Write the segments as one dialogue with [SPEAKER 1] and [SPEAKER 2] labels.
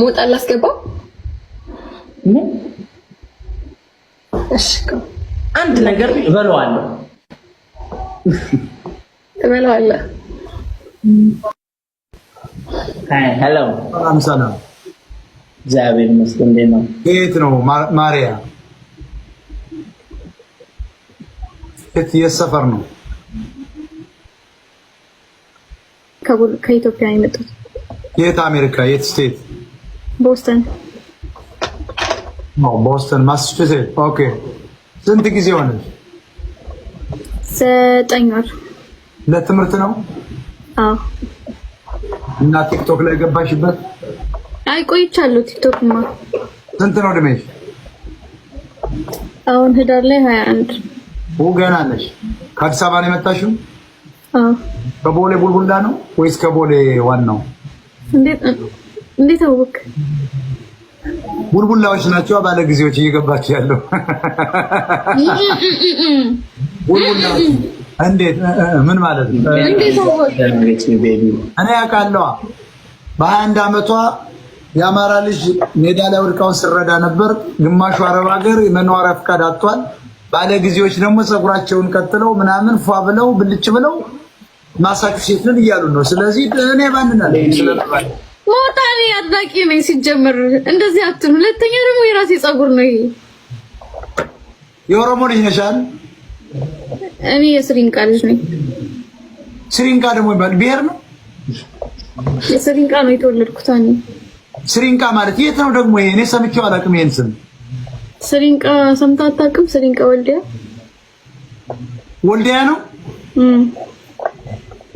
[SPEAKER 1] ሞጣ ላስገባ።
[SPEAKER 2] አንድ ነገር እበለዋለሁ እበለዋለሁ። ሄሎ ሰላም፣ እግዚአብሔር ይመስገን። እንዴት ነው?
[SPEAKER 3] የት ነው ማሪያ? የት ሰፈር ነው?
[SPEAKER 1] ከኢትዮጵያ የመጡት
[SPEAKER 3] የት አሜሪካ የት ስቴት ቦስተን ቦስተን ማሳቹሴት። ኦኬ ስንት ጊዜ ሆነ?
[SPEAKER 1] ዘጠኝ ወር። ለትምህርት ነው? አዎ።
[SPEAKER 3] እና ቲክቶክ ላይ ገባሽበት?
[SPEAKER 1] አይ ቆይቻለሁ። ቲክቶክማ ስንት ነው እድሜሽ? አሁን ህዳር ላይ 21።
[SPEAKER 3] ገና ነሽ። ከአዲስ አበባ ነው የመጣሽው? አዎ። ከቦሌ ቡልቡላ ነው ወይስ ከቦሌ ዋናው?
[SPEAKER 1] እንዴት ነው እንዴት አወቅ?
[SPEAKER 3] ቡልቡላዎች ናቸው ባለ ጊዜዎች እየገባች ያለው ቡልቡላዎች። እንዴት ምን ማለት ነው? እኔ ያውቃለዋ በሀያ አንድ አመቷ የአማራ ልጅ ሜዳ ላይ ወድቃውን ስረዳ ነበር። ግማሹ አረብ ሀገር የመኖሪያ ፍቃድ አጥቷል። ጊዜዎች ደግሞ ፀጉራቸውን ቀጥለው ምናምን ፏ ብለው ብልጭ ብለው ማሳቹሴትን እያሉ ነው። ስለዚህ እኔ ባንናለ
[SPEAKER 1] ሞታ አድናቂ ነኝ። ሲጀመር እንደዚህ አትሉ። ሁለተኛ ደግሞ የራሴ ፀጉር ነው ይሄ።
[SPEAKER 3] የኦሮሞ ልጅ ነሽ
[SPEAKER 1] እኔ የስሪንቃ ልጅ ነኝ።
[SPEAKER 3] ስሪንቃ ደግሞ ይባል ብሔር ነው።
[SPEAKER 1] የስሪንቃ ነው የተወለድኩት። እኔ
[SPEAKER 3] ስሪንቃ ማለት የት ነው ደግሞ ይሄ? እኔ ሰምቼው አላውቅም ይሄን ስም።
[SPEAKER 1] ስሪንቃ ሰምተህ አታውቅም? ስሪንቃ ወልዲያ ወልዲያ ነው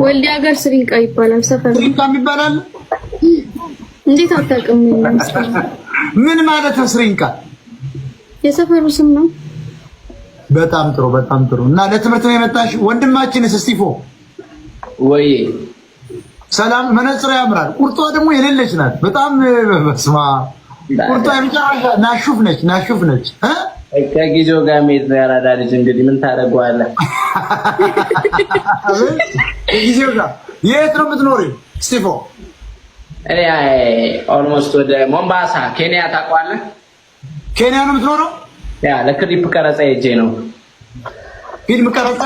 [SPEAKER 1] ወልዲ ሀገር ስሪንቃ ይባላል። ሰፈር
[SPEAKER 3] ስሪንቃ ይባላል።
[SPEAKER 1] እንዴት አታውቅም?
[SPEAKER 3] ምን ማለት ነው ስሪንቃ?
[SPEAKER 1] የሰፈሩ ስም ነው።
[SPEAKER 3] በጣም ጥሩ በጣም ጥሩ። እና ለትምህርት ነው የመጣሽ? ወንድማችን ስስቲፎ ወይ ሰላም። መነጽሮ ያምራል። ቁርጧ ደግሞ የሌለች ናት። በጣም በስማ ቁርጧ የመጨረሻ ናሹፍ ነች። ናሹፍ ነች።
[SPEAKER 2] ከጊዜው ጋር ሜት ነው ያራዳ ልጅ። እንግዲህ ምን ታደርገዋለህ?
[SPEAKER 3] ጊዜው ጋር የት ነው የምትኖሪው? ስቲፎ
[SPEAKER 2] እኔ ኦልሞስት ወደ ሞምባሳ ኬንያ ታውቀዋለህ?
[SPEAKER 3] ኬንያ ነው የምትኖረው?
[SPEAKER 2] ያ ለክሊፕ ቀረጻ ሄጄ ነው። ፊልም ቀረጻ?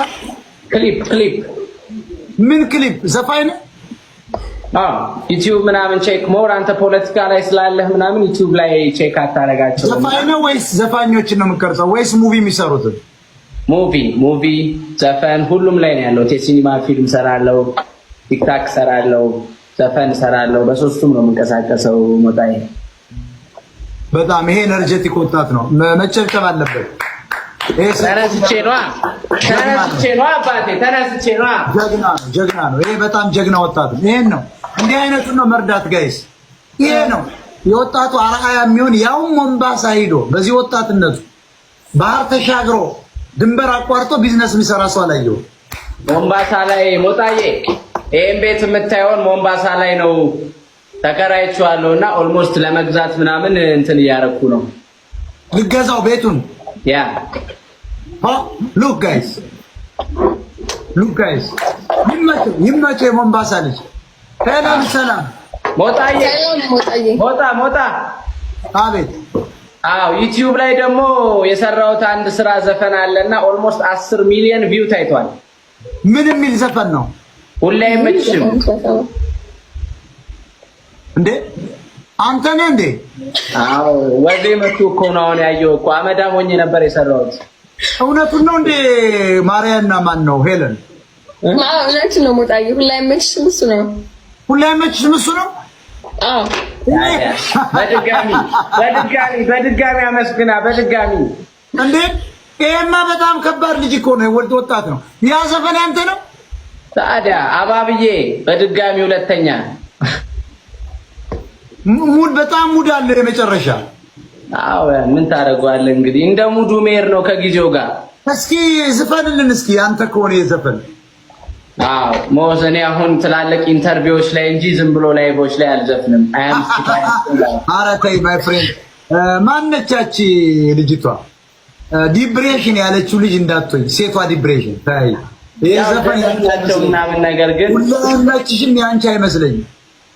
[SPEAKER 2] ክሊፕ ክሊፕ
[SPEAKER 3] ምን ክሊፕ? ዘፋኝ ነው?
[SPEAKER 2] አዎ ዩቲዩብ ምናምን ቼክ ሞር አንተ ፖለቲካ ላይ ስላለህ ምናምን ዩቲዩብ ላይ ቼክ አታደርጋቸው
[SPEAKER 3] ዘፋኝ ነው ወይስ ዘፋኞችን ነው የምትቀርጸው ወይስ ሙቪ የሚሰሩትን?
[SPEAKER 2] ሙቪ ሙቪ ዘፈን ሁሉም ላይ ነው ያለሁት። የሲኒማ ፊልም ሰራለው፣ ቲክታክ ሰራለው፣ ዘፈን ሰራለው። በሶስቱም ነው የምንቀሳቀሰው። ሞጣዬ
[SPEAKER 3] በጣም ይሄ ኤነርጀቲክ ወጣት ነው፣ መጨብጨብ አለበት።
[SPEAKER 2] ተነስቼ ነዋ ተነስቼ ነዋ አባቴ ተነስቼ ነዋ።
[SPEAKER 3] ጀግና ነው ጀግና ነው። ይሄ በጣም ጀግና ወጣት ነው። ይሄን ነው እንዲህ አይነቱን ነው መርዳት ጋይስ። ይሄ ነው የወጣቱ አርአያ የሚሆን ያውም ወንባሳ ሂዶ በዚህ ወጣትነቱ ባህር ተሻግሮ ድንበር አቋርጦ ቢዝነስ የሚሰራ ሰው አላየው።
[SPEAKER 2] ሞምባሳ ላይ ሞጣዬ፣ ይህም ቤት የምታየውን ሞምባሳ ላይ ነው ተከራይቼዋለሁ እና ኦልሞስት ለመግዛት ምናምን እንትን እያደረኩ ነው።
[SPEAKER 3] ልገዛው ቤቱን ያ ሉክ ጋይስ ሉክ ጋይስ ይመቸው ይመቸው። የሞምባሳ ልጅ ሰላም ሰላም።
[SPEAKER 2] ሞጣዬ ሞጣ ሞጣ አቤት አዎ ዩቲዩብ ላይ ደግሞ የሰራሁት አንድ ስራ ዘፈን አለና ኦልሞስት አስር ሚሊዮን ቪው ታይቷል።
[SPEAKER 3] ምን የሚል ዘፈን ነው?
[SPEAKER 2] ሁሌ አይመችሽም
[SPEAKER 3] እንዴ? አንተ ነህ እንዴ?
[SPEAKER 2] አዎ ወዴ መቱ እኮ ነው አሁን ያየው እኮ አመዳም ሆኜ ነበር የሰራሁት።
[SPEAKER 3] እውነቱን ነው እንዴ? ማርያና ማን ነው ሄለን?
[SPEAKER 1] እውነቱን ነው ሞጣዬ። ሁሌ አይመችሽም እሱ ነው።
[SPEAKER 3] ሁሌ አይመችሽም እሱ ነው።
[SPEAKER 1] አዎ
[SPEAKER 2] በድጋሚ በድጋሚ በድጋሚ አመስግና በድጋሚ
[SPEAKER 3] እንዴ! ይሄማ በጣም ከባድ ልጅ እኮ ነው። ወልድ ወጣት ነው። ያ ዘፈን ያንተ ነው
[SPEAKER 2] ታዲያ። አባብዬ በድጋሚ ሁለተኛ
[SPEAKER 3] ሙድ በጣም ሙድ አለ የመጨረሻ
[SPEAKER 2] አዎ፣ ምን ታደርገዋለህ እንግዲህ እንደ ሙዱ ሜር ነው ከጊዜው ጋር።
[SPEAKER 3] እስኪ ዝፈንልን እስኪ አንተ ከሆነ የዘፈን
[SPEAKER 2] አዎ ሞዝ እኔ አሁን ትላልቅ ኢንተርቪዎች ላይ እንጂ ዝም ብሎ ላይቦች ላይ አልዘፍንም።
[SPEAKER 3] ኧረ ተይ ማይ ፍሬንድ። ማነቻች ልጅቷ ዲፕሬሽን ያለችው ልጅ እንዳትሆኝ ሴቷ ዲፕሬሽን ታይ
[SPEAKER 2] ዘፈናቸው ምናምን ነገር ግን
[SPEAKER 3] ሁላችሽም የአንቺ አይመስለኝም።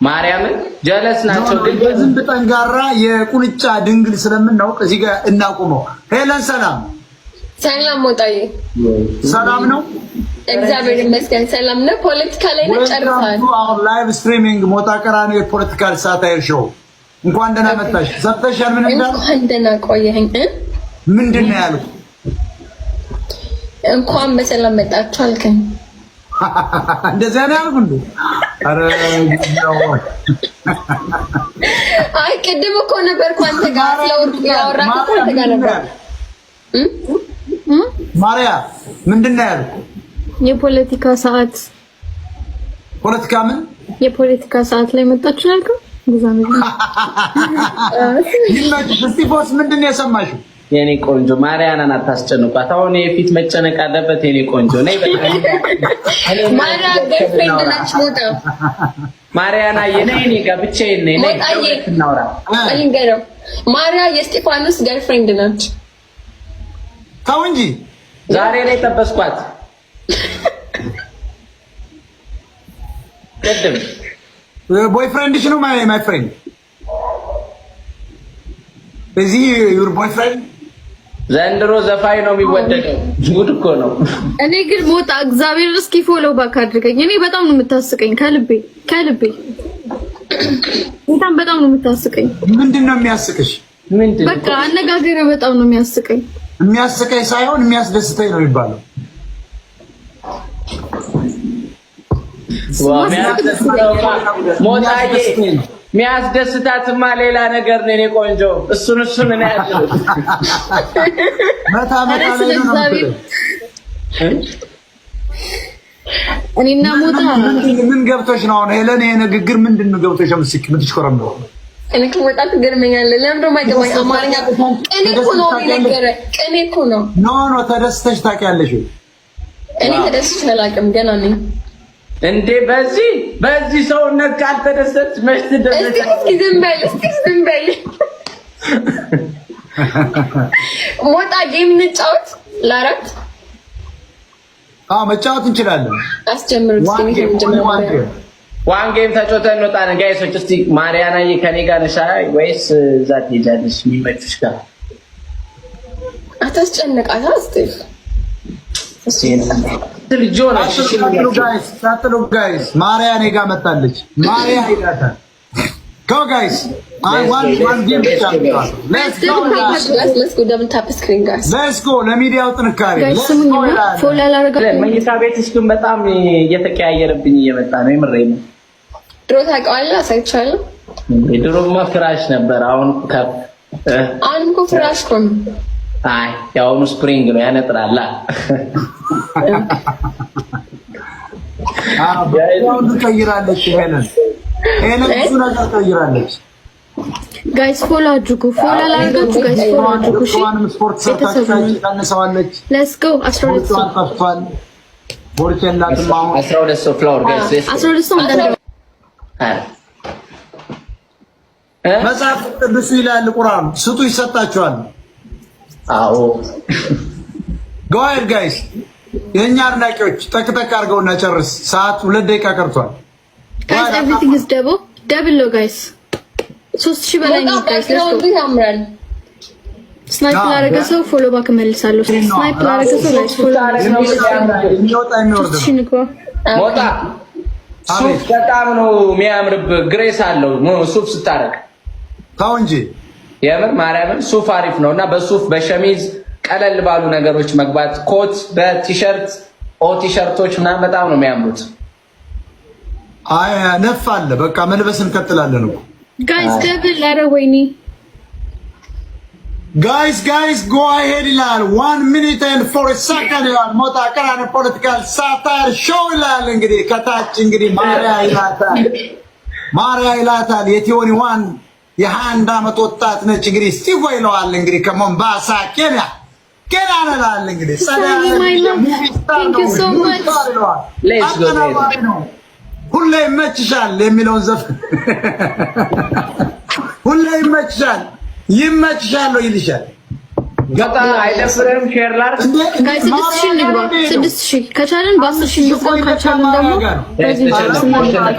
[SPEAKER 2] ማርያምን ጀለስ ናቸው
[SPEAKER 3] ግን በዝንብ ጠንጋራ የቁንጫ ድንግል ስለምናውቅ እዚህ ጋር እናቁመው። ሄለን ሰላም
[SPEAKER 1] ሰላም፣ ሞጣዬ ሰላም ነው እግዚአብሔር ይመስገን ሰላም ነው። ፖለቲካ ላይ ነው
[SPEAKER 3] ጨርሰሃል። አሁን ላይቭ ስትሪሚንግ ሞጣ ቀራኒዮ የፖለቲካል ሳታየር ሾው እንኳን ደህና መጣሽ። ሰምተሻል? ምን እንዳልኩ
[SPEAKER 1] እንኳን ደህና ቆየኸኝ።
[SPEAKER 3] ምንድን ነው ያልኩት?
[SPEAKER 1] እንኳን በሰላም መጣችሁ አልከኝ።
[SPEAKER 3] እንደዚያ ነው ያልኩ እንዴ? ኧረ
[SPEAKER 1] አይ ቅድም እኮ ነበርኩ አንተ ጋር ለወርቅ ያወራኩ አንተ ጋር ነበር።
[SPEAKER 3] ማርያ ምንድን ነው ያልኩ
[SPEAKER 1] የፖለቲካ ሰዓት ፖለቲካ ምን የፖለቲካ ሰዓት ላይ መጣችሁ ያልከው
[SPEAKER 3] ስቲፎስ ምንድን ነው የሰማሽው?
[SPEAKER 2] የኔ ቆንጆ ማርያናን አታስጨንቋት። አሁን የፊት መጨነቅ አለበት። የኔ ቆንጆ ነይ ማርያና የኔ ጋር ብቻዬን ነኝ።
[SPEAKER 1] እናውራ። ማርያ የስጢፋኖስ ገርልፍሬንድ ናት።
[SPEAKER 3] ተው እንጂ
[SPEAKER 2] ዛሬ ላይ ጠበስኳት። ደደብ
[SPEAKER 3] ቦይፍሬንድሽ ነው ማይ ማይ ፍሬንድ እዚህ ዩር ቦይፍሬንድ
[SPEAKER 2] ዘንድሮ ዘፋኝ ነው የሚወደደው። ጉድ እኮ ነው።
[SPEAKER 1] እኔ ግን ሞጣ እግዚአብሔር እስኪ ፎሎው ባክ አድርገኝ። እኔ በጣም ነው የምታስቀኝ፣ ከልቤ ከልቤ በጣም በጣም ነው የምታስቀኝ።
[SPEAKER 3] ምንድን ነው የሚያስቅሽ?
[SPEAKER 1] በቃ አነጋገር በጣም ነው የሚያስቀኝ።
[SPEAKER 3] የሚያስቀኝ ሳይሆን የሚያስደስተኝ ነው የሚባለው።
[SPEAKER 2] ሞጣዬ ሚያስደስታትማ ሌላ ነገር ነው። እኔ ቆንጆ እሱን እሱን እኔ ያለው
[SPEAKER 3] መታ መታ እኔና ሞጣ ምን ገብቶሽ ነው አሁን? ሄለን ይሄ ንግግር ምንድን ነው ገብቶሽ? ምስክ ምትሽኮረም ነው
[SPEAKER 1] እኔ እኮ ትገርመኛለህ። ለምንድን ነው የማይገባኝ? አማርኛ ቅኔ እኮ ነው የሚነገረው። ቅኔ እኮ ነው።
[SPEAKER 3] ኖ ኖ ተደስተሽ ታውቂያለሽ?
[SPEAKER 1] እኔ ተደስተሽ አላውቅም ገና ነኝ።
[SPEAKER 2] እንዴ በዚህ በዚህ ሰውነት ካልተደሰች መች
[SPEAKER 1] ትደሰች? እስኪ ዝም እስኪ ዝም በል ሞጣ፣ ጌም እንጫወት። ለአራት
[SPEAKER 3] አዎ መጫወት እንችላለን።
[SPEAKER 1] አስጀምሩት እስኪ መጀመሪያ
[SPEAKER 2] ዋን ጌም ተጫውተን እንወጣለን። ጋይሶች እስቲ ማርያናዬ ከኔ ጋር ነሽ ወይስ እዛ ትሄጃለሽ? የሚመችሽ ጋር
[SPEAKER 1] አታስጨንቃታ
[SPEAKER 2] እስቲ
[SPEAKER 3] ልጅ ሆነሽ ሳጥሉ ጋይስ ማሪያ እኔ ጋር መጣለች። ማሪያ ይላታል go guys i ለሚዲያው ጥንካሬ
[SPEAKER 2] መኝታ ቤት እስቱን በጣም እየተቀያየረብኝ እየመጣ ነው። የምሬ ነው።
[SPEAKER 1] ድሮ ታውቀዋለህ፣ አሳይቻለሁ።
[SPEAKER 2] ድሮማ ፍራሽ ነበር። አሁን ከፍ
[SPEAKER 1] አሁን እኮ ፍራሽ ነው
[SPEAKER 2] አይ ያውኑ ስፕሪንግ ነው ያነጥራላ።
[SPEAKER 3] አሁን ቀይራለች ሄለን ሄለን ብዙ ነገር ትቀይራለች።
[SPEAKER 1] ጋይስ ፎሎ አድርጉ፣ ፎሎ ላድርጉ ጋይስ ፎሎ አድርጉ። እሺ
[SPEAKER 3] ስፖርት ሰርታችሁ ታነሰዋለች።
[SPEAKER 1] ሌትስ ጎ 12 ሰው
[SPEAKER 3] ከፍቷል። ቦርቸላትም
[SPEAKER 2] አሁን 12 ሰው ፍላወር ጋይስ
[SPEAKER 1] 12 ሰው እንዳለ
[SPEAKER 3] መጽሐፍ ቅዱስ ይላል ቁርአን ስጡ ይሰጣችኋል። አዎ ጎአድ ጋይስ የእኛ አድናቂዎች ጠቅጠቅ አድርገውና ጨርስ። ሰዓት ሁለት ደቂቃ ቀርቷል።
[SPEAKER 1] ጋይስ ኤቭሪቲንግ ኢዝ ደብል ደብል ነው ጋይስ። ሶስት ሺህ በላይ ነው ጋይስ። ያምራል። ስናይፕ ላደረገ ሰው ፎሎ ባክ መልሳለሁ። ስናይፕ ላደረገ ሰው ጋይስ ፎሎ የሚወጣ
[SPEAKER 2] ሱፍ በጣም ነው የሚያምርብ። ግሬስ አለው ሱፍ ስታረግ ታው እንጂ የምር ማርያምን ሱፍ አሪፍ ነው እና በሱፍ በሸሚዝ ቀለል ባሉ ነገሮች መግባት ኮት በቲሸርት ኦ ቲሸርቶች ምናምን በጣም ነው የሚያምሩት።
[SPEAKER 3] ነፍ አለ በቃ መልበስ እንቀጥላለን እኮ
[SPEAKER 1] ጋይስ ደብል አረ ወይኔ
[SPEAKER 3] ጋይስ ጋይስ ጎ አሄድ ይላል። ዋን ሚኒት ኤንድ ፎር ሰከንድ ይላል። ሞጣ ቀራን ፖለቲካል ሳታር ሾው ይላል። እንግዲህ ከታች እንግዲህ ማሪያ ይላታል፣ ማሪያ ይላታል የቲዮኒ ዋን የሀያ አንድ ዓመት ወጣት ነች። እንግዲህ ስቲፎ ይለዋል። እንግዲህ ከሞምባሳ ኬንያ ኬንያ ነላል። እንግዲህ
[SPEAKER 2] አቀናባሪ ነው።
[SPEAKER 3] ሁሌ ይመችሻል የሚለውን ዘፈን ሁሌ ይመችሻል ይመችሻለሁ ይልሻል።
[SPEAKER 2] በጣም አይደፍርም። ሼር ላድርግ
[SPEAKER 1] ስድስት ሺህ ከቻለን በአስር ሺህ ከቻለን
[SPEAKER 2] ደግሞ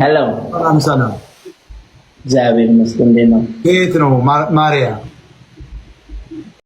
[SPEAKER 2] ሄሎ፣ ሰላም ሰላም። እግዚአብሔር ይመስገን። እንዴት ነው?
[SPEAKER 3] የት ነው ማርያም